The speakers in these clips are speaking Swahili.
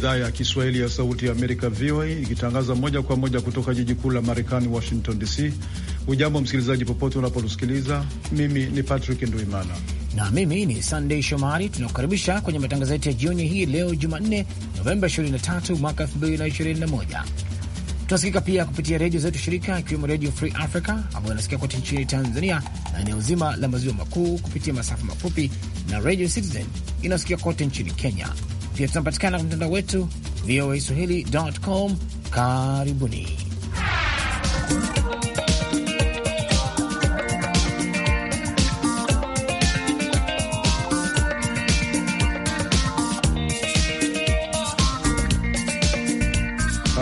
idhaa ya Kiswahili ya Sauti ya Amerika, VOA, ikitangaza moja kwa moja kutoka jiji kuu la Marekani, Washington DC. Ujambo msikilizaji, popote unapotusikiliza. Mimi ni Patrick Nduimana na mimi ni Sandey Shomari. Tunakukaribisha kwenye matangazo yetu ya jioni hii leo Jumanne, Novemba 23 mwaka 2021. Tunasikika pia kupitia redio zetu shirika, ikiwemo Redio Free Africa ambayo inasikika kote nchini Tanzania na eneo zima la maziwa makuu kupitia masafa mafupi na Redio Citizen inayosikika kote nchini Kenya. Pia tunapatikana kwa mtandao wetu voa swahili.com. Karibuni.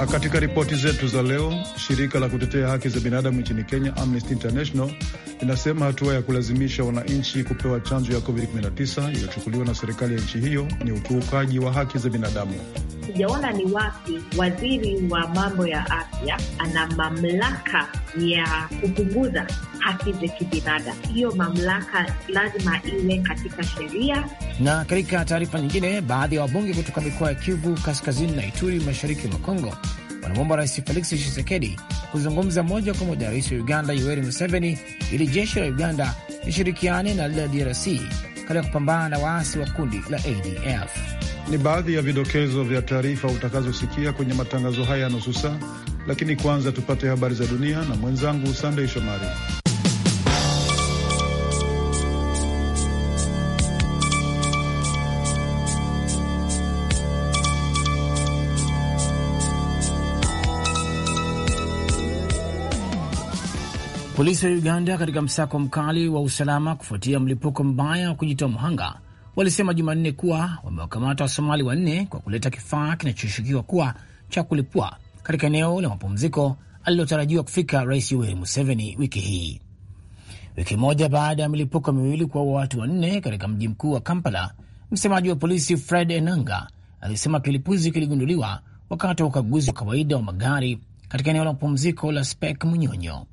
Ah, katika ripoti zetu za leo, shirika la kutetea haki za binadamu nchini Kenya, Amnesty International, inasema hatua ya kulazimisha wananchi kupewa chanjo ya COVID-19 iliyochukuliwa na serikali ya nchi hiyo ni ukiukaji wa haki za binadamu sijaona ni wapi waziri wa mambo ya afya ana mamlaka ya kupunguza haki za kibinadamu. Hiyo mamlaka lazima iwe katika sheria. Na katika taarifa nyingine, baadhi ya wabunge kutoka mikoa ya Kivu Kaskazini na Ituri, mashariki mwa Kongo, wanamwomba Rais Felix Tshisekedi kuzungumza moja kwa moja rais wa Uganda Yoweri Museveni ili jeshi la Uganda lishirikiane na lile la DRC katika kupambana na waasi wa kundi la ADF. Ni baadhi ya vidokezo vya taarifa utakazosikia kwenye matangazo haya ya nusu saa, lakini kwanza tupate habari za dunia na mwenzangu Sandei Shomari. Polisi wa Uganda katika msako mkali wa usalama kufuatia mlipuko mbaya wa kujitoa mhanga walisema Jumanne kuwa wamewakamata Wasomali wanne kwa kuleta kifaa kinachoshukiwa kuwa cha kulipua katika eneo la mapumziko alilotarajiwa kufika Rais Yoweri Museveni wiki hii, wiki moja baada ya milipuko miwili kuwaua watu wanne katika mji mkuu wa Kampala. Msemaji wa polisi Fred Enanga alisema kilipuzi kiligunduliwa wakati wa ukaguzi wa kawaida wa magari katika eneo la mapumziko la Spek Munyonyo.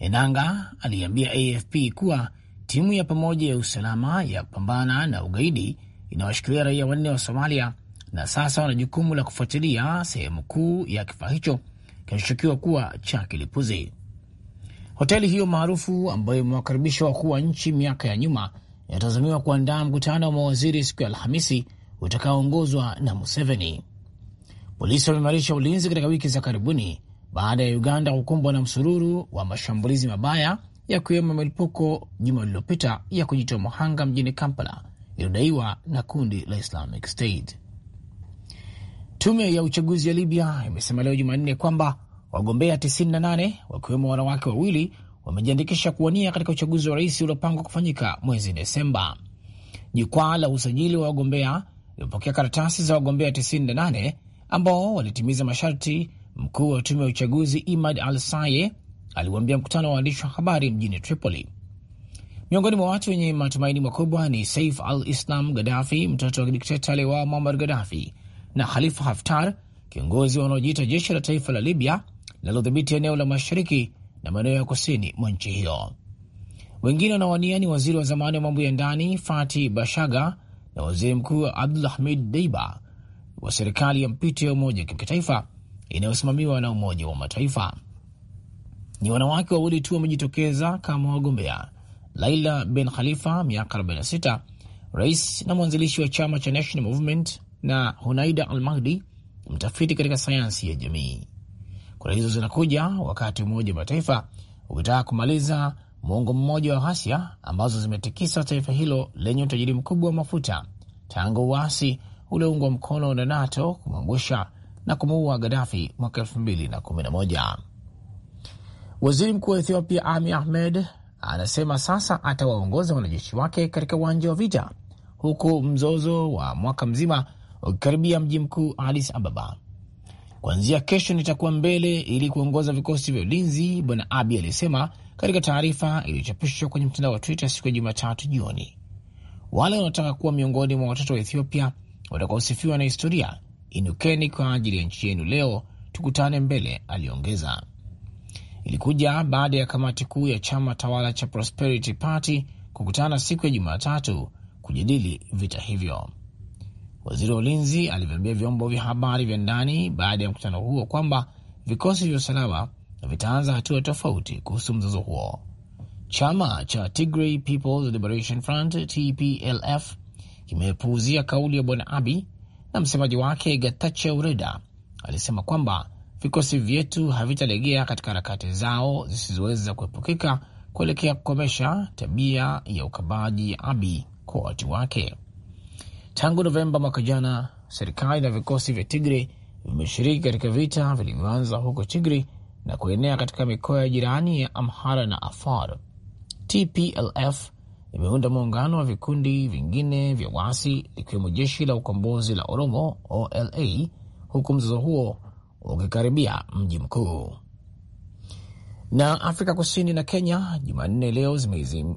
Enanga aliambia AFP kuwa Timu ya pamoja ya usalama ya kupambana na ugaidi inawashikilia raia wanne wa Somalia na sasa wana jukumu la kufuatilia sehemu kuu ya kifaa hicho kinachoshukiwa kuwa cha kilipuzi. Hoteli hiyo maarufu ambayo imewakaribisha wakuu wa nchi miaka ya nyuma inatazamiwa kuandaa mkutano wa mawaziri siku ya Alhamisi utakaoongozwa na Museveni. Polisi wameimarisha ulinzi katika wiki za karibuni baada ya Uganda kukumbwa na msururu wa mashambulizi mabaya yakiwemo milipuko juma lililopita ya kujitoa muhanga mjini Kampala iliyodaiwa na kundi la Islamic State. Tume ya uchaguzi ya Libya imesema leo Jumanne kwamba wagombea 98 wakiwemo wanawake wawili wamejiandikisha kuwania katika uchaguzi wa rais uliopangwa kufanyika mwezi Desemba. Jukwaa la usajili wa wagombea limepokea karatasi za wagombea 98 ambao walitimiza masharti. Mkuu wa tume ya uchaguzi Imad Al Saye aliwaambia mkutano wa waandishi wa habari mjini Tripoli. Miongoni mwa watu wenye matumaini makubwa ni Saif al-Islam Gaddafi, mtoto wa dikteta aliyeuawa Muammar Gaddafi, na Khalifa Haftar, kiongozi wanaojiita jeshi la taifa la Libya linalodhibiti eneo la mashariki na maeneo ya kusini mwa nchi hiyo. Wengine wanawania ni waziri wa zamani wa mambo ya ndani Fati Bashaga na waziri mkuu Abdul Hamid Deiba wa serikali ya mpito ya umoja wa inayosimamiwa na Umoja wa Mataifa. Ni wanawake wawili tu wamejitokeza kama wagombea, Laila Ben Khalifa, miaka 46, rais na mwanzilishi wa chama cha National Movement, na Hunaida Al Mahdi, mtafiti katika sayansi ya jamii. Kura hizo zinakuja wakati Umoja wa Mataifa ukitaka kumaliza muongo mmoja wa ghasia ambazo zimetikisa taifa hilo lenye utajiri mkubwa wa mafuta tangu uasi ulioungwa mkono na NATO kumwangusha na kumuua Gadafi mwaka 2011. Waziri mkuu wa Ethiopia Abiy Ahmed anasema sasa atawaongoza wanajeshi wake katika uwanja wa vita, huku mzozo wa mwaka mzima ukikaribia mji mkuu Addis Ababa. Kuanzia kesho nitakuwa mbele ili kuongoza vikosi vya ulinzi, bwana Abiy alisema katika taarifa iliyochapishwa kwenye mtandao wa Twitter siku ya Jumatatu jioni. Wale wanaotaka kuwa miongoni mwa watoto wa Ethiopia watakaosifiwa na historia, inukeni kwa ajili ya nchi yenu leo, tukutane mbele, aliongeza ilikuja baada ya kamati kuu ya chama tawala cha Prosperity Party kukutana siku ya Jumatatu kujadili vita hivyo. Waziri wa ulinzi alivyoambia vyombo vya habari vya ndani baada ya mkutano huo kwamba vikosi vya usalama vitaanza hatua tofauti kuhusu mzozo huo. Chama cha Tigray People's Liberation Front TPLF kimepuuzia kauli ya bwana Abi, na msemaji wake Getachew Reda alisema kwamba vikosi vyetu havitalegea katika harakati zao zisizoweza kuepukika kuelekea kukomesha tabia ya ukabaji Abi kwa watu wake. Tangu Novemba mwaka jana, serikali na vikosi vya Tigre vimeshiriki katika vita vilivyoanza huko Tigri na kuenea katika mikoa ya jirani ya Amhara na Afar. TPLF imeunda muungano wa vikundi vingine vya waasi likiwemo jeshi la ukombozi la Oromo, OLA, huku mzozo huo ukikaribia mji mkuu. Na Afrika Kusini na Kenya Jumanne leo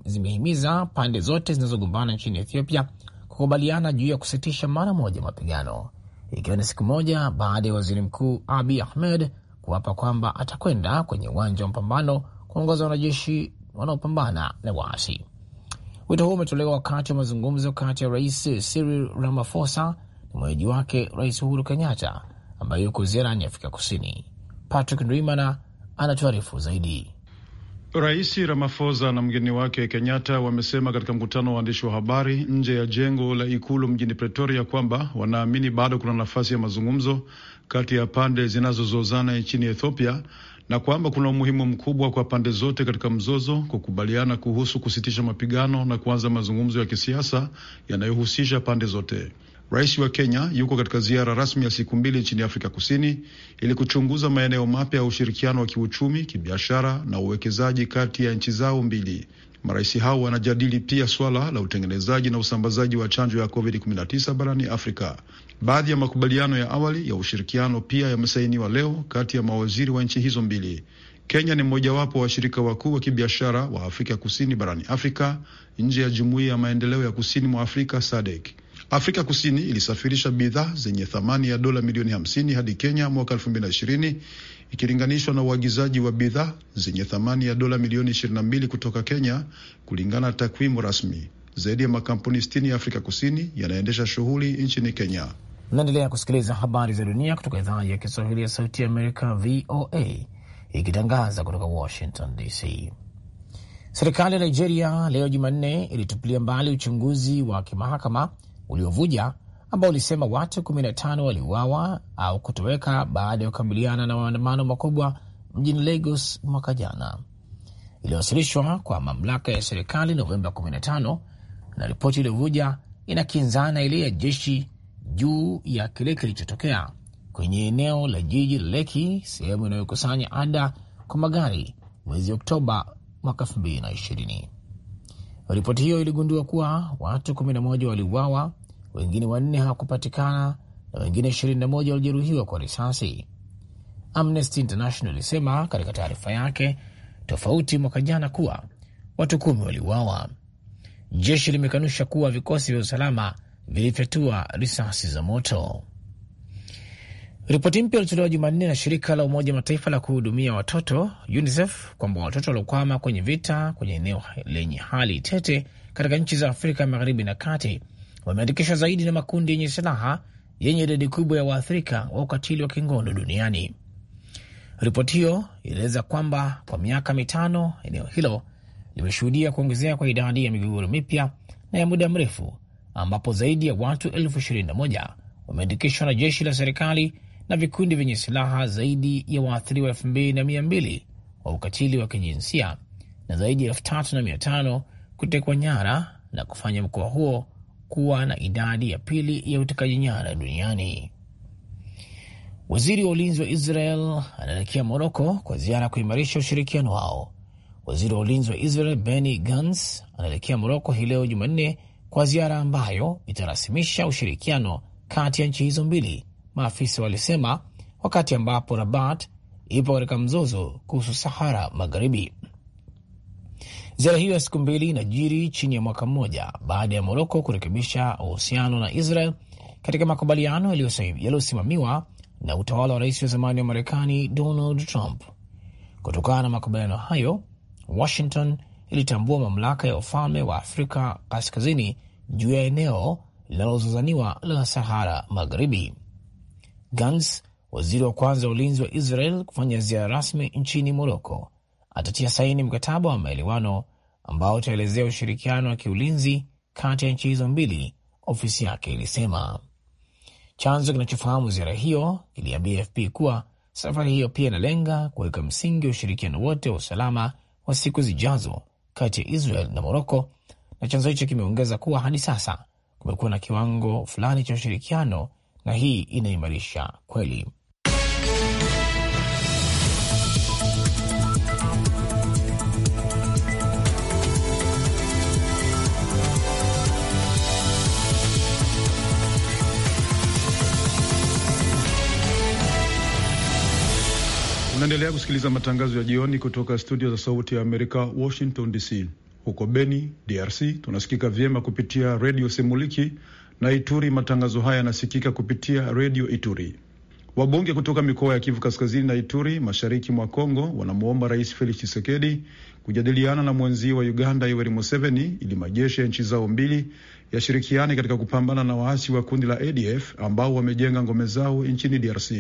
zimehimiza pande zote zinazogombana nchini Ethiopia kukubaliana juu ya kusitisha mara moja mapigano, ikiwa ni siku moja baada ya waziri mkuu Abi Ahmed kuapa kwamba atakwenda kwenye uwanja wa mapambano kuongoza wanajeshi wanaopambana na waasi. Wito huo umetolewa wakati wa mazungumzo kati ya rais Cyril Ramaphosa na mwenyeji wake Rais Uhuru Kenyatta ambayo yuko ziarani Afrika Kusini. Patrick Ndwimana anatuarifu zaidi. Rais Ramaphosa na mgeni wake Kenyatta wamesema katika mkutano wa waandishi wa habari nje ya jengo la ikulu mjini Pretoria kwamba wanaamini bado kuna nafasi ya mazungumzo kati ya pande zinazozozana nchini Ethiopia na kwamba kuna umuhimu mkubwa kwa pande zote katika mzozo kukubaliana kuhusu kusitisha mapigano na kuanza mazungumzo ya kisiasa yanayohusisha pande zote. Rais wa Kenya yuko katika ziara rasmi ya siku mbili nchini Afrika Kusini ili kuchunguza maeneo mapya ya ushirikiano wa kiuchumi, kibiashara na uwekezaji kati ya nchi zao mbili. Marais hao wanajadili pia swala la utengenezaji na usambazaji wa chanjo ya COVID-19 barani Afrika. Baadhi ya makubaliano ya awali ya ushirikiano pia yamesainiwa leo kati ya mawaziri wa nchi hizo mbili. Kenya ni mmojawapo wa washirika wakuu wa kibiashara wa Afrika Kusini barani Afrika nje ya Jumuiya ya Maendeleo ya Kusini mwa Afrika SADC. Afrika Kusini ilisafirisha bidhaa zenye thamani ya dola milioni 50 hadi Kenya mwaka 2020 ikilinganishwa na uagizaji wa bidhaa zenye thamani ya dola milioni 22 kutoka Kenya, kulingana na takwimu rasmi. Zaidi ya makampuni 60 ya Afrika Kusini yanaendesha shughuli nchini Kenya. Naendelea kusikiliza habari za dunia kutoka idhaa ya Kiswahili ya Sauti ya Amerika, VOA, ikitangaza kutoka Washington DC. Serikali ya Nigeria leo Jumanne ilitupilia mbali uchunguzi wa kimahakama uliovuja ambao ulisema watu 15 waliuawa au kutoweka baada ya kukabiliana na maandamano makubwa mjini Lagos mwaka jana. Iliwasilishwa kwa mamlaka ya serikali Novemba 15 na ripoti iliyovuja inakinzana ile ya jeshi juu ya kile kilichotokea kwenye eneo la jiji la Leki, sehemu inayokusanya ada kwa magari mwezi Oktoba mwaka 2020. Ripoti hiyo iligundua kuwa watu 11 waliuawa wengine wanne hawakupatikana na wengine 21 walijeruhiwa kwa risasi. Amnesty International ilisema katika taarifa yake tofauti mwaka jana kuwa watu kumi waliuawa. Jeshi limekanusha kuwa vikosi vya usalama vilifyatua risasi za moto. Ripoti mpya ilitolewa Jumanne na shirika la Umoja Mataifa la kuhudumia watoto UNICEF kwamba watoto waliokwama kwenye vita kwenye eneo lenye hali tete katika nchi za Afrika magharibi na kati wameandikishwa zaidi na makundi yenye silaha yenye idadi kubwa ya waathirika wa ukatili wa kingono duniani. Ripoti hiyo ilieleza kwamba kwa miaka mitano eneo hilo limeshuhudia kuongezeka kwa idadi ya migogoro mipya na ya muda mrefu ambapo zaidi ya watu elfu ishirini na moja wameandikishwa na jeshi la serikali na vikundi vyenye silaha, zaidi ya waathiriwa elfu mbili na mia mbili wa ukatili wa kijinsia na zaidi ya elfu tatu na mia tano kutekwa nyara na kufanya mkoa huo kuwa na idadi ya pili ya utekaji nyara duniani. Waziri wa ulinzi wa Israel anaelekea Moroko kwa ziara ya kuimarisha ushirikiano wao. Waziri wa ulinzi wa Israel Benny Gantz anaelekea Moroko hii leo Jumanne kwa ziara ambayo itarasimisha ushirikiano kati ya nchi hizo mbili, maafisa walisema, wakati ambapo Rabat ipo katika mzozo kuhusu Sahara Magharibi. Ziara hiyo ya siku mbili inajiri chini ya mwaka mmoja baada ya Moroko kurekebisha uhusiano na Israel katika makubaliano yaliyosimamiwa na utawala wa rais wa zamani wa Marekani Donald Trump. Kutokana na makubaliano hayo, Washington ilitambua mamlaka ya ufalme wa Afrika Kaskazini juu ya eneo linalozozaniwa la Sahara Magharibi. Gans, waziri wa kwanza wa ulinzi wa Israel, kufanya ziara rasmi nchini Moroko atatia saini mkataba wa maelewano ambao utaelezea ushirikiano wa kiulinzi kati ya nchi hizo mbili, ofisi yake ilisema. Chanzo kinachofahamu ziara hiyo kiliambia AFP kuwa safari hiyo pia inalenga kuweka msingi wa ushirikiano wote wa usalama wa siku zijazo kati ya Israel na Moroko, na chanzo hicho kimeongeza kuwa hadi sasa kumekuwa na kiwango fulani cha ushirikiano na hii inaimarisha kweli. Unaendelea kusikiliza matangazo ya jioni kutoka studio za Sauti ya Amerika, Washington DC. Huko Beni, DRC, tunasikika vyema kupitia Redio Semuliki na Ituri. Matangazo haya yanasikika kupitia Redio Ituri. Wabunge kutoka mikoa ya Kivu Kaskazini na Ituri, mashariki mwa Kongo, wanamwomba Rais Felix Tshisekedi kujadiliana na mwenzii wa Uganda Yoweri Museveni ili majeshi ya nchi zao mbili yashirikiane katika kupambana na waasi wa kundi la ADF ambao wamejenga ngome zao nchini DRC.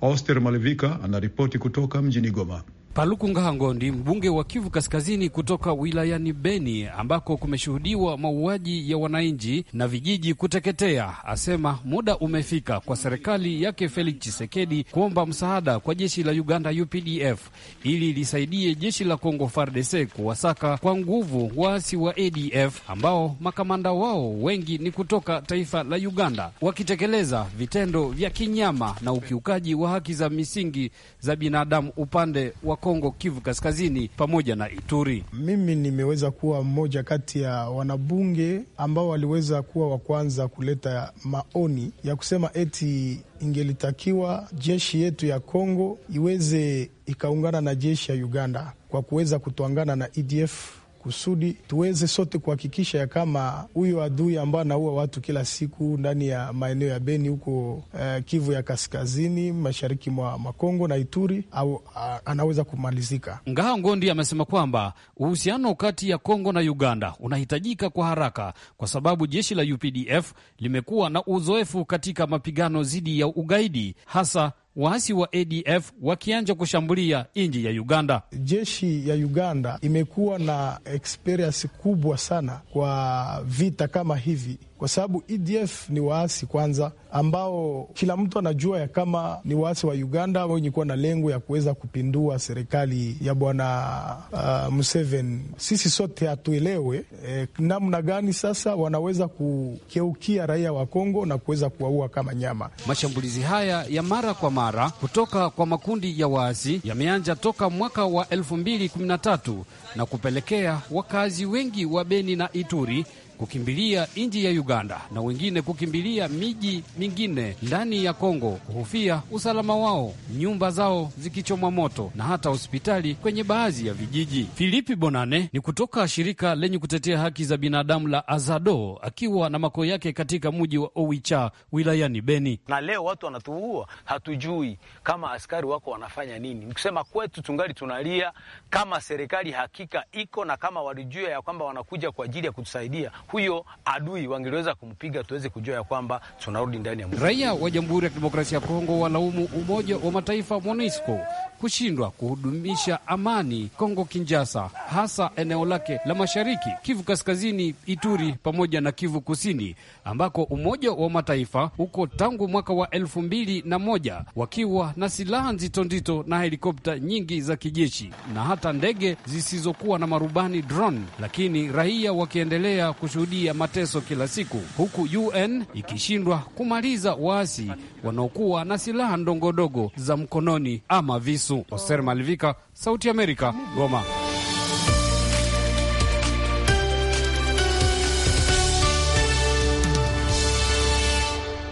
Oster Malivika anaripoti kutoka mjini Goma. Paluku Ngahangondi, mbunge wa Kivu Kaskazini kutoka wilayani Beni, ambako kumeshuhudiwa mauaji ya wananchi na vijiji kuteketea, asema muda umefika kwa serikali yake Felix Tshisekedi kuomba msaada kwa jeshi la Uganda UPDF ili lisaidie jeshi la Kongo FARDC kuwasaka kwa nguvu waasi wa ADF ambao makamanda wao wengi ni kutoka taifa la Uganda, wakitekeleza vitendo vya kinyama na ukiukaji wa haki za misingi za binadamu upande wa Kongo, Kivu Kaskazini pamoja na Ituri. Mimi nimeweza kuwa mmoja kati ya wanabunge ambao waliweza kuwa wa kwanza kuleta maoni ya kusema eti ingelitakiwa jeshi yetu ya Kongo iweze ikaungana na jeshi ya Uganda kwa kuweza kutwangana na EDF kusudi tuweze sote kuhakikisha ya kama huyo adui ambao anaua watu kila siku ndani ya maeneo ya Beni huko uh, Kivu ya kaskazini mashariki mwa Makongo na Ituri au uh, anaweza kumalizika. Ngaha Ngondi amesema kwamba uhusiano kati ya Kongo na Uganda unahitajika kwa haraka kwa sababu jeshi la UPDF limekuwa na uzoefu katika mapigano dhidi ya ugaidi hasa waasi wa ADF wakianja kushambulia nji ya Uganda. Jeshi ya Uganda imekuwa na experience kubwa sana kwa vita kama hivi kwa sababu EDF ni waasi kwanza, ambao kila mtu anajua ya kama ni waasi wa Uganda wenye kuwa na lengo ya kuweza kupindua serikali ya bwana uh, Museveni. Sisi sote hatuelewe eh, namna gani sasa wanaweza kukeukia raia wa Kongo na kuweza kuwaua kama nyama. Mashambulizi haya ya mara kwa mara kutoka kwa makundi ya waasi yameanza toka mwaka wa 2013 na kupelekea wakazi wengi wa Beni na Ituri kukimbilia nchi ya Uganda na wengine kukimbilia miji mingine ndani ya Kongo, kuhofia usalama wao, nyumba zao zikichomwa moto na hata hospitali kwenye baadhi ya vijiji. Filipi Bonane ni kutoka shirika lenye kutetea haki za binadamu la Azado, akiwa na makao yake katika mji wa Owicha wilayani Beni. Na leo watu wanatuua, hatujui kama askari wako wanafanya nini. Nikusema kwetu tungali tunalia, kama serikali hakika iko na kama walijua ya kwamba wanakuja kwa ajili ya kutusaidia huyo adui wangeliweza kumpiga, tuweze kujua ya kwamba tunarudi ndani ya. Raia wa Jamhuri ya Kidemokrasia ya Kongo walaumu Umoja wa Mataifa MONUSCO kushindwa kuhudumisha amani Kongo Kinjasa, hasa eneo lake la mashariki, Kivu Kaskazini, Ituri pamoja na Kivu Kusini, ambako Umoja wa Mataifa uko tangu mwaka wa elfu mbili na moja wakiwa na silaha nzito nzito na helikopta nyingi za kijeshi na hata ndege zisizokuwa na marubani drone, lakini raia wakiendelea kush kushuhudia mateso kila siku, huku UN ikishindwa kumaliza waasi wanaokuwa na silaha ndogondogo za mkononi ama visu. Oser Malivika, Sauti Amerika, Goma.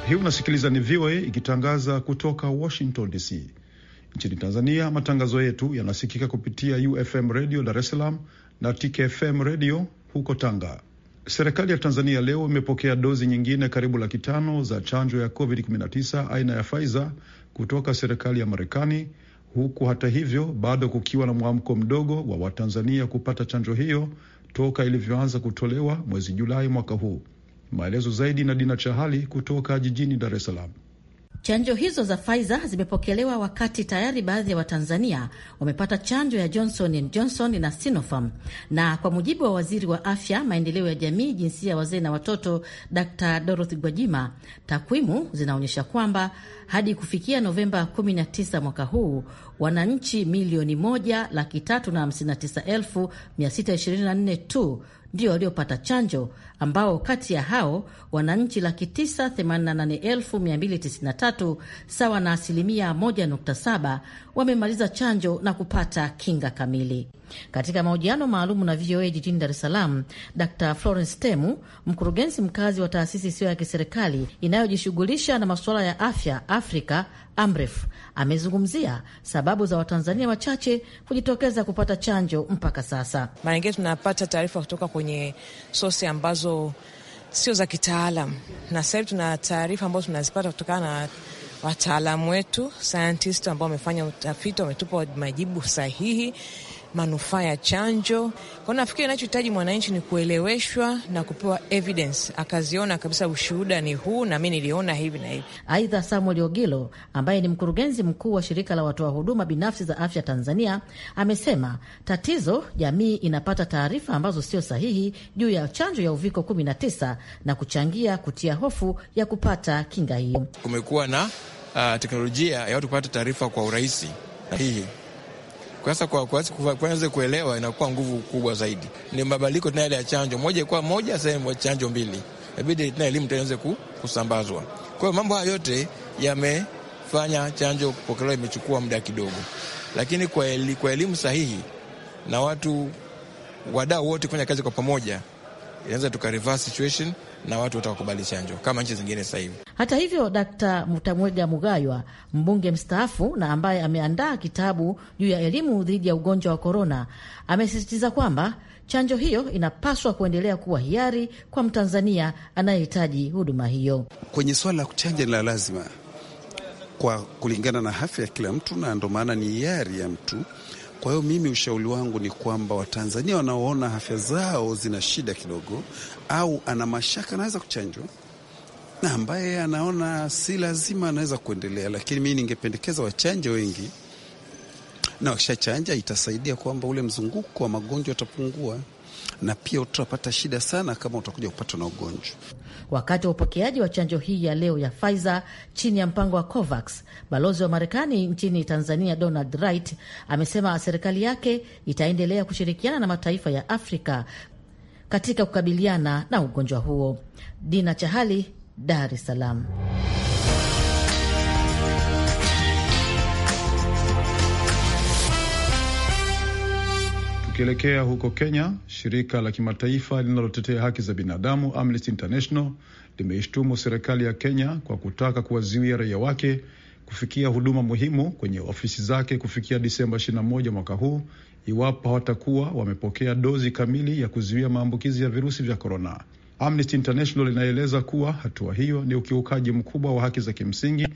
Hii unasikiliza ni VOA ikitangaza kutoka Washington DC. Nchini Tanzania, matangazo yetu yanasikika kupitia UFM redio Dar es Salaam na TKFM redio huko Tanga. Serikali ya Tanzania leo imepokea dozi nyingine karibu laki tano za chanjo ya COVID-19 aina ya Pfizer kutoka serikali ya Marekani, huku hata hivyo bado kukiwa na mwamko mdogo wa Watanzania kupata chanjo hiyo toka ilivyoanza kutolewa mwezi Julai mwaka huu. Maelezo zaidi na Dina Chahali kutoka jijini Dar es Salaam. Chanjo hizo za Pfizer zimepokelewa wakati tayari baadhi ya wa Watanzania wamepata chanjo ya Johnson and Johnson na Sinopharm. Na kwa mujibu wa waziri wa afya, maendeleo ya jamii, jinsia ya wazee na watoto, Dr. Dorothy Gwajima, takwimu zinaonyesha kwamba hadi kufikia Novemba 19 mwaka huu wananchi milioni moja laki tatu na hamsini na tisa elfu mia sita ishirini na nne tu ndio waliopata chanjo ambao kati ya hao wananchi laki 988,293 sawa na asilimia 1.7 wamemaliza chanjo na kupata kinga kamili. Katika mahojiano maalum na VOA jijini Dar es Salaam, Dr Florence Temu, mkurugenzi mkazi wa taasisi isiyo ya kiserikali inayojishughulisha na masuala ya afya Afrika, AMREF, amezungumzia sababu za Watanzania wachache kujitokeza kupata chanjo mpaka sasa. Mara nyingine tunapata taarifa kutoka kwenye sosi ambazo ambazo sio za kitaalam, na sasa hivi tuna taarifa ambazo tunazipata kutokana na wataalamu wetu scientist ambao wamefanya utafiti, wametupa majibu sahihi manufaa ya chanjo. Kwa nafikiri inachohitaji mwananchi ni kueleweshwa na kupewa evidence, akaziona kabisa ushuhuda ni huu na mi niliona hivi na hivi. Aidha, Samuel Ogilo ambaye ni mkurugenzi mkuu wa shirika la watoa huduma binafsi za afya Tanzania amesema tatizo, jamii inapata taarifa ambazo sio sahihi juu ya chanjo ya uviko 19 na kuchangia kutia hofu ya kupata kinga hiyo. Kumekuwa na uh, teknolojia ya watu kupata taarifa kwa urahisi sahihi sasa kwa kuanza kuelewa inakuwa nguvu kubwa zaidi. Ni mabadiliko tena ya chanjo moja kwa moja, sehemu chanjo mbili, inabidi tena elimu tuanze kusambazwa. Kwa hiyo mambo haya yote yamefanya chanjo kupokelewa, imechukua muda kidogo, lakini kwa elimu sahihi na watu wadau wote kufanya kazi kwa pamoja inaweza tuka situation na watu watakubali chanjo kama nchi zingine sasa hivi. Hata hivyo, Dkt. Mutamwega Mugaywa, mbunge mstaafu na ambaye ameandaa kitabu juu ya elimu dhidi ya ugonjwa wa korona, amesisitiza kwamba chanjo hiyo inapaswa kuendelea kuwa hiari kwa Mtanzania anayehitaji huduma hiyo. Kwenye swala la kuchanja, la lazima kwa kulingana na afya ya kila mtu, na ndo maana ni hiari ya mtu kwa hiyo mimi ushauri wangu ni kwamba Watanzania wanaoona afya zao zina shida kidogo au ana mashaka anaweza kuchanjwa, na ambaye anaona si lazima anaweza kuendelea, lakini mimi ningependekeza wachanje wengi, na wakishachanja itasaidia kwamba ule mzunguko wa magonjwa utapungua na pia utapata shida sana kama utakuja kupatwa na ugonjwa. Wakati wa upokeaji wa chanjo hii ya leo ya Pfizer chini ya mpango wa COVAX, balozi wa Marekani nchini Tanzania Donald Wright amesema serikali yake itaendelea kushirikiana na mataifa ya Afrika katika kukabiliana na ugonjwa huo. Dina Chahali, Dar es Salaam. Tukielekea huko Kenya, shirika la kimataifa linalotetea haki za binadamu Amnesty International limeishtumu serikali ya Kenya kwa kutaka kuwazuia raia wake kufikia huduma muhimu kwenye ofisi zake kufikia Disemba 21 mwaka huu iwapo hawatakuwa wamepokea dozi kamili ya kuzuia maambukizi ya virusi vya korona. Amnesty International inaeleza kuwa hatua hiyo ni ukiukaji mkubwa wa haki za kimsingi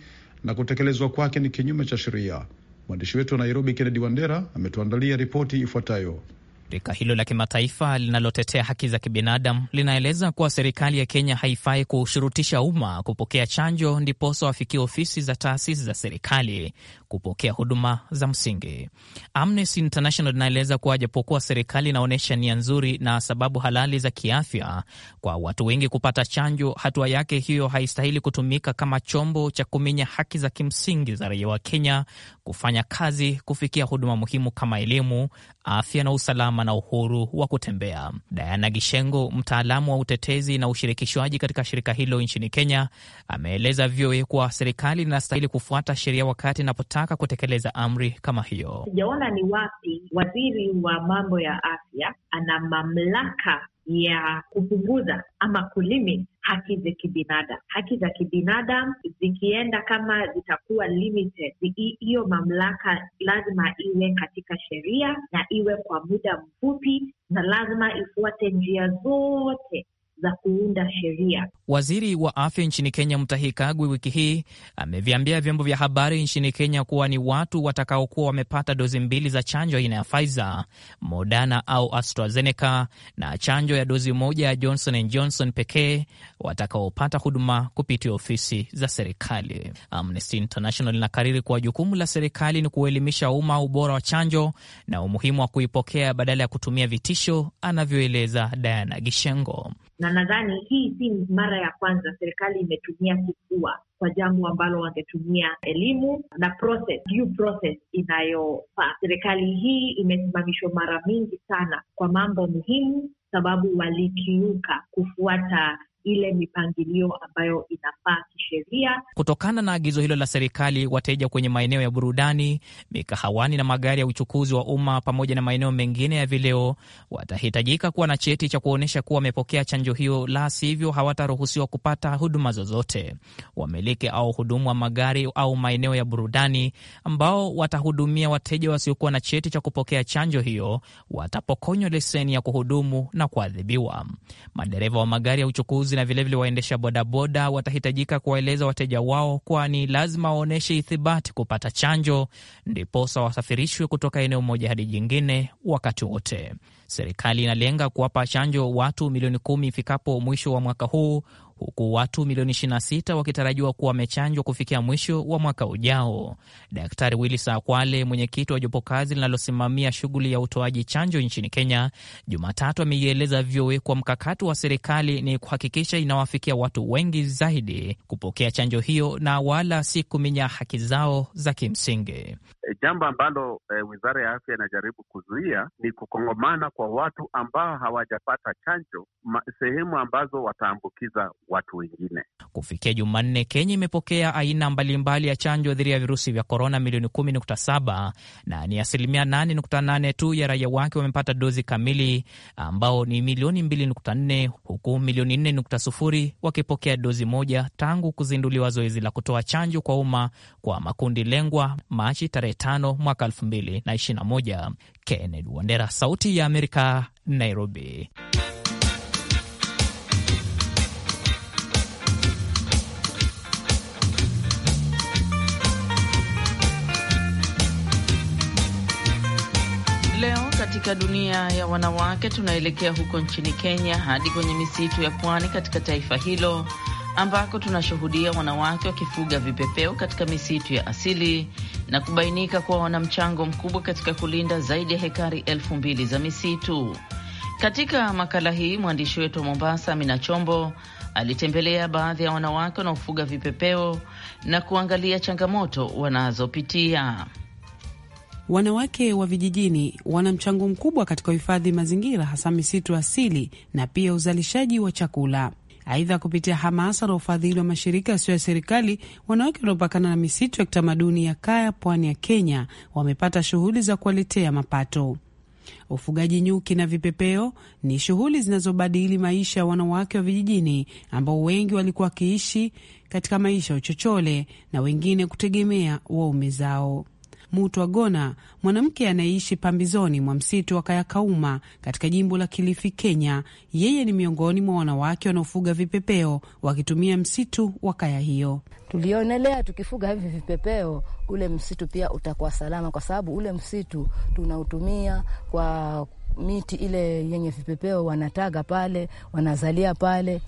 na kutekelezwa kwake ni kinyume cha sheria. Mwandishi wetu wa Nairobi, Kennedy Wandera, ametuandalia ripoti ifuatayo. Shirika hilo la kimataifa linalotetea haki za kibinadamu linaeleza kuwa serikali ya Kenya haifai kushurutisha umma kupokea chanjo ndiposa wafikie ofisi za taasisi za serikali kupokea huduma za msingi. Amnesty International inaeleza kuwa japokuwa serikali inaonyesha nia nzuri na sababu halali za kiafya kwa watu wengi kupata chanjo, hatua yake hiyo haistahili kutumika kama chombo cha kuminya haki za kimsingi za raia wa Kenya kufanya kazi, kufikia huduma muhimu kama elimu, afya na usalama na uhuru wa kutembea. Diana Gishengo, mtaalamu wa utetezi na ushirikishwaji katika shirika hilo nchini Kenya, ameeleza VOA kuwa serikali linastahili kufuata sheria wakati inapotaka kutekeleza amri kama hiyo. Sijaona ni wapi waziri wa mambo ya afya ana mamlaka ya kupunguza ama kulimit haki za kibinadamu. Haki za kibinadamu zikienda kama zitakuwa limited, hiyo mamlaka lazima iwe katika sheria na iwe kwa muda mfupi, na lazima ifuate njia zote za kuunda sheria. Waziri wa afya nchini Kenya Mutahi Kagwe wiki hii ameviambia vyombo vya habari nchini Kenya kuwa ni watu watakaokuwa wamepata dozi mbili za chanjo aina ya Pfizer, Moderna au AstraZeneca na chanjo ya dozi moja ya Johnson and Johnson pekee watakaopata huduma kupitia ofisi za serikali. Amnesty International inakariri kuwa jukumu la serikali ni kuelimisha umma ubora wa chanjo na umuhimu wa kuipokea badala ya kutumia vitisho, anavyoeleza Diana Gishengo na nadhani hii si mara ya kwanza serikali imetumia kifua kwa jambo ambalo wangetumia elimu na process, due process inayofaa. Serikali hii imesimamishwa mara mingi sana kwa mambo muhimu, sababu walikiuka kufuata ile mipangilio ambayo inafaa kisheria. Kutokana na agizo hilo la serikali, wateja kwenye maeneo ya burudani, mikahawani na magari ya uchukuzi wa umma pamoja na maeneo mengine ya vileo watahitajika kuwa na cheti cha kuonyesha kuwa wamepokea chanjo hiyo, la sivyo hawataruhusiwa kupata huduma zozote. Wamiliki au hudumu wa magari au maeneo ya burudani ambao watahudumia wateja wasiokuwa na cheti cha kupokea chanjo hiyo watapokonywa leseni ya kuhudumu na kuadhibiwa. Madereva wa magari ya uchukuzi na vilevile waendesha bodaboda watahitajika kuwaeleza wateja wao, kwani lazima waonyeshe ithibati kupata chanjo, ndiposa wasafirishwe kutoka eneo moja hadi jingine wakati wote. Serikali inalenga kuwapa chanjo watu milioni kumi ifikapo mwisho wa mwaka huu huku watu milioni 26 wakitarajiwa kuwa wamechanjwa kufikia mwisho wa mwaka ujao. Daktari Willis Akwale, mwenyekiti wa jopo kazi linalosimamia shughuli ya utoaji chanjo nchini Kenya, Jumatatu ameieleza VOA kwa mkakati wa serikali ni kuhakikisha inawafikia watu wengi zaidi kupokea chanjo hiyo na wala si kuminya haki zao za kimsingi. Eh, jambo ambalo e, wizara ya afya inajaribu kuzuia ni kukongomana kwa watu ambao hawajapata chanjo sehemu ambazo wataambukiza watu wengine. Kufikia Jumanne, Kenya imepokea aina mbalimbali mbali ya chanjo dhidi ya virusi vya korona milioni kumi nukta saba na ni asilimia nane nukta nane tu ya raia wake wamepata dozi kamili, ambao ni milioni mbili nukta nne huku milioni nne nukta sufuri wakipokea dozi moja tangu kuzinduliwa zoezi la kutoa chanjo kwa umma kwa makundi lengwa Machi tarehe 5 mwaka Kennedy Wandera, Sauti ya Amerika, Nairobi. Leo katika dunia ya wanawake tunaelekea huko nchini Kenya hadi kwenye misitu ya pwani katika taifa hilo ambako tunashuhudia wanawake wakifuga vipepeo katika misitu ya asili na kubainika kuwa wana mchango mkubwa katika kulinda zaidi ya hekari elfu mbili za misitu. Katika makala hii mwandishi wetu wa Mombasa, Amina Chombo, alitembelea baadhi ya wanawake wanaofuga vipepeo na kuangalia changamoto wanazopitia. Wanawake wa vijijini wana mchango mkubwa katika uhifadhi mazingira, hasa misitu asili na pia uzalishaji wa chakula. Aidha, kupitia hamasa na ufadhili wa mashirika yasiyo ya serikali, wanawake wanaopakana na misitu ya kitamaduni ya Kaya pwani ya Kenya wamepata shughuli za kuwaletea mapato. Ufugaji nyuki na vipepeo ni shughuli zinazobadili maisha ya wanawake wa vijijini ambao wengi walikuwa wakiishi katika maisha ya uchochole na wengine kutegemea waume zao. Mutwagona, mwanamke anayeishi pambizoni mwa msitu wa Kayakauma katika jimbo la Kilifi, Kenya. Yeye ni miongoni mwa wanawake wanaofuga vipepeo wakitumia msitu wa kaya hiyo. Tulionelea tukifuga hivi vipepeo, ule msitu pia utakuwa salama, kwa sababu ule msitu tunautumia kwa miti ile yenye vipepeo wanataga pale, wanazalia pale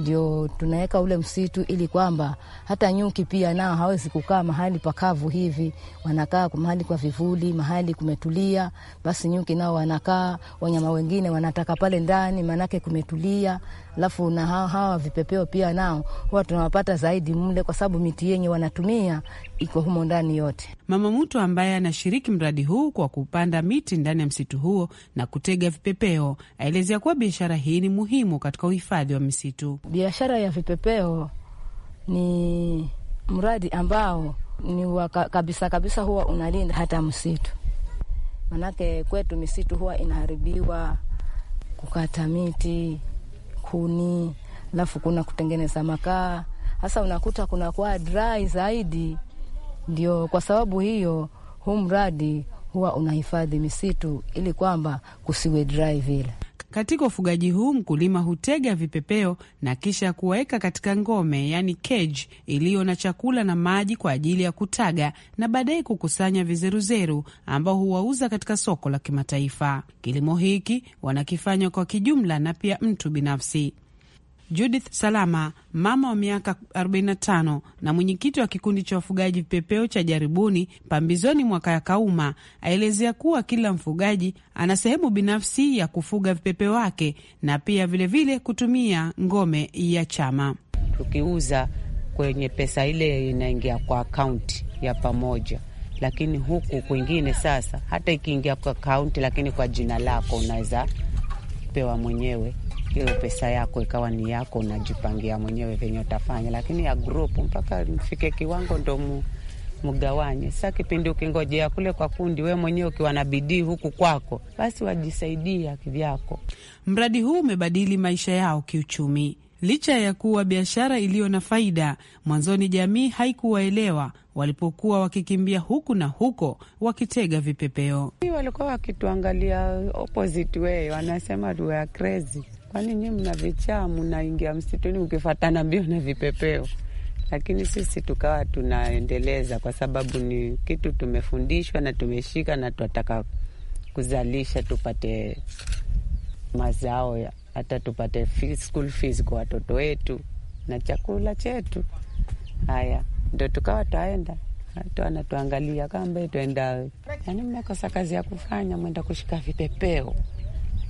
ndio tunaweka ule msitu ili kwamba hata nyuki pia nao hawezi kukaa mahali pakavu hivi, wanakaa mahali kwa vivuli, mahali kumetulia, basi nyuki nao wanakaa, wanyama wengine wanataka pale ndani, maanake kumetulia alafu na hawa, hawa vipepeo pia nao huwa tunawapata zaidi mle, kwa sababu miti yenye wanatumia iko humo ndani yote. Mama Mutu ambaye anashiriki mradi huu kwa kupanda miti ndani ya msitu huo na kutega vipepeo, aelezea kuwa biashara hii ni muhimu katika uhifadhi wa misitu. Biashara ya vipepeo ni mradi ambao ni wa kabisa kabisa, huwa unalinda hata msitu, manake kwetu misitu huwa inaharibiwa, kukata miti kuni, alafu kuna kutengeneza makaa. hasa unakuta kunakuwa dry zaidi, ndio kwa sababu hiyo huu mradi huwa unahifadhi misitu ili kwamba kusiwe dry vile. Katika ufugaji huu mkulima hutega vipepeo na kisha kuwaweka katika ngome, yani cage, iliyo na chakula na maji kwa ajili ya kutaga na baadaye kukusanya vizeruzeru ambao huwauza katika soko la kimataifa. Kilimo hiki wanakifanya kwa kijumla na pia mtu binafsi. Judith Salama, mama wa miaka 45 na mwenyekiti wa kikundi cha wafugaji vipepeo cha Jaribuni pambizoni mwa Kayakauma, aelezea kuwa kila mfugaji ana sehemu binafsi ya kufuga vipepeo wake na pia vilevile vile kutumia ngome ya chama. Tukiuza kwenye pesa ile inaingia kwa akaunti ya pamoja lakini huku kwingine sasa, hata ikiingia kwa akaunti lakini kwa jina lako unaweza pewa mwenyewe hiyo pesa yako ikawa ni yako, unajipangia mwenyewe venye utafanya, lakini ya grupu mpaka mfike kiwango ndo mu mgawanye sa Kipindi ukingojea kule kwa kundi, we mwenyewe ukiwa na bidii huku kwako, basi wajisaidia kivyako. Mradi huu umebadili maisha yao kiuchumi. Licha ya kuwa biashara iliyo na faida, mwanzoni jamii haikuwaelewa walipokuwa wakikimbia huku na huko wakitega vipepeo. Walikuwa wakituangalia opposite way, wanasema we are crazy kwani mna vichaa mnaingia msituni mkifatana mbio na vipepeo lakini sisi tukawa tunaendeleza kwa sababu ni kitu tumefundishwa na tumeshika na tunataka kuzalisha, tupate mazao ya, hata tupate fees, school fees kwa watoto wetu na chakula chetu. Haya ndo tukawa twaenda tu anatuangalia kamba yani mnakosa kazi ya kufanya, mwenda kushika vipepeo.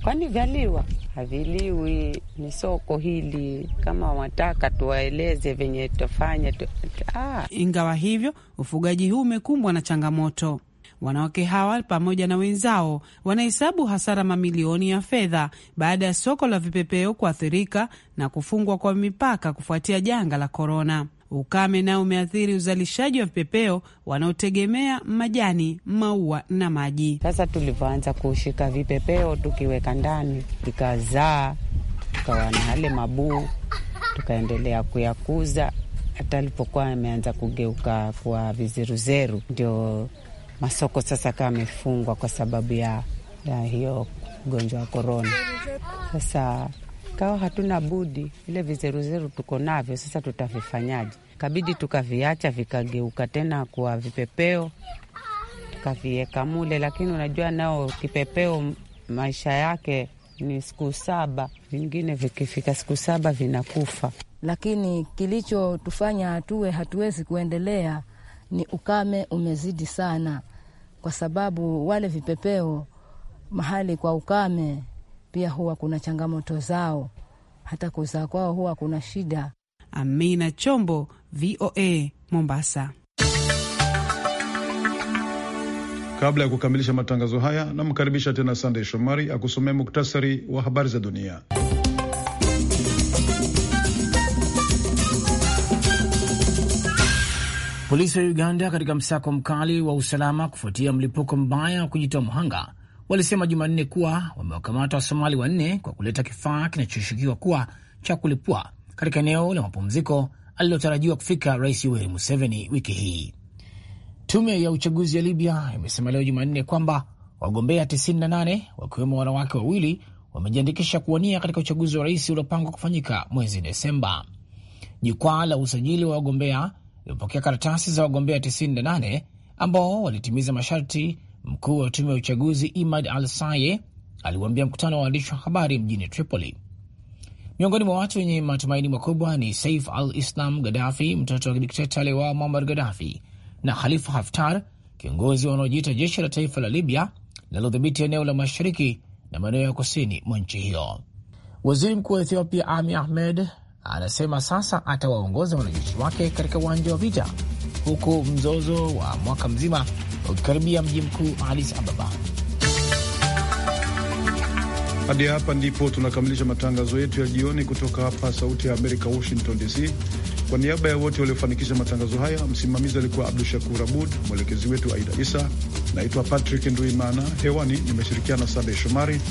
Kwani vyaliwa? Haviliwi. Ni soko hili, kama wataka tuwaeleze venye tofanya tu... ah. Ingawa hivyo, ufugaji huu umekumbwa na changamoto. Wanawake hawa pamoja na wenzao wanahesabu hasara mamilioni ya fedha baada ya soko la vipepeo kuathirika na kufungwa kwa mipaka kufuatia janga la korona. Ukame nao umeathiri uzalishaji wa vipepeo wanaotegemea majani, maua na maji. Sasa tulivyoanza kushika vipepeo tukiweka ndani, ikazaa tukawa na hale mabuu, tukaendelea kuyakuza hata alipokuwa ameanza kugeuka kwa vizeruzeru, ndio masoko sasa kaa amefungwa kwa sababu ya, ya hiyo ugonjwa wa korona. Sasa ikawa hatuna budi, ile vizeruzeru tuko navyo sasa, tutavifanyaje? Kabidi tukaviacha vikageuka tena kuwa vipepeo, tukavieka mule. Lakini unajua nao kipepeo maisha yake ni siku saba, vingine vikifika siku saba vinakufa. Lakini kilichotufanya hatue hatuwezi kuendelea ni ukame umezidi sana, kwa sababu wale vipepeo mahali kwa ukame pia huwa kuna changamoto zao, hata kuzaa kwao huwa kuna shida. Amina Chombo, VOA Mombasa. Kabla ya kukamilisha matangazo haya, namkaribisha tena Sandey Shomari akusomea muktasari wa habari za dunia. Polisi wa Uganda katika msako mkali wa usalama kufuatia mlipuko mbaya wa kujitoa mhanga walisema Jumanne kuwa wamewakamata Wasomali wanne kwa kuleta kifaa kinachoshukiwa kuwa cha kulipua katika eneo la mapumziko alilotarajiwa kufika Rais Yoweri Museveni wiki hii. Tume ya uchaguzi ya Libya imesema leo Jumanne kwamba wagombea 98 wakiwemo wanawake wawili wamejiandikisha kuwania katika uchaguzi wa rais uliopangwa kufanyika mwezi Desemba. Jukwaa la usajili wa wagombea limepokea karatasi za wagombea 98 ambao walitimiza masharti Mkuu wa tume ya uchaguzi Imad Al Saye aliwaambia mkutano wa waandishi wa habari mjini Tripoli. Miongoni mwa watu wenye matumaini makubwa ni Saif Al Islam Gaddafi, mtoto wa dikteta aliyewaa Muammar Gaddafi, na Khalifa Haftar, kiongozi wanaojiita jeshi la taifa la Libya linalodhibiti eneo la mashariki na maeneo ya kusini mwa nchi hiyo. Waziri mkuu wa Ethiopia ami Ahmed anasema sasa atawaongoza wanajeshi wake katika uwanja wa vita, huku mzozo wa mwaka mzima wakikaribia mji mkuu Adis Ababa. Hadi hapa ndipo tunakamilisha matangazo yetu ya jioni kutoka hapa Sauti ya Amerika, Washington DC. Kwa niaba ya wote waliofanikisha matangazo haya, msimamizi alikuwa Abdu Shakur Abud, mwelekezi wetu Aida Isa. Naitwa Patrick Nduimana, hewani nimeshirikiana na Sandey Shomari,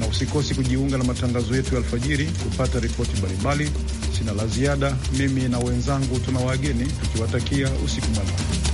na usikosi kujiunga na matangazo yetu ya alfajiri kupata ripoti mbalimbali. Sina la ziada, mimi na wenzangu tuna wageni tukiwatakia usiku mwema.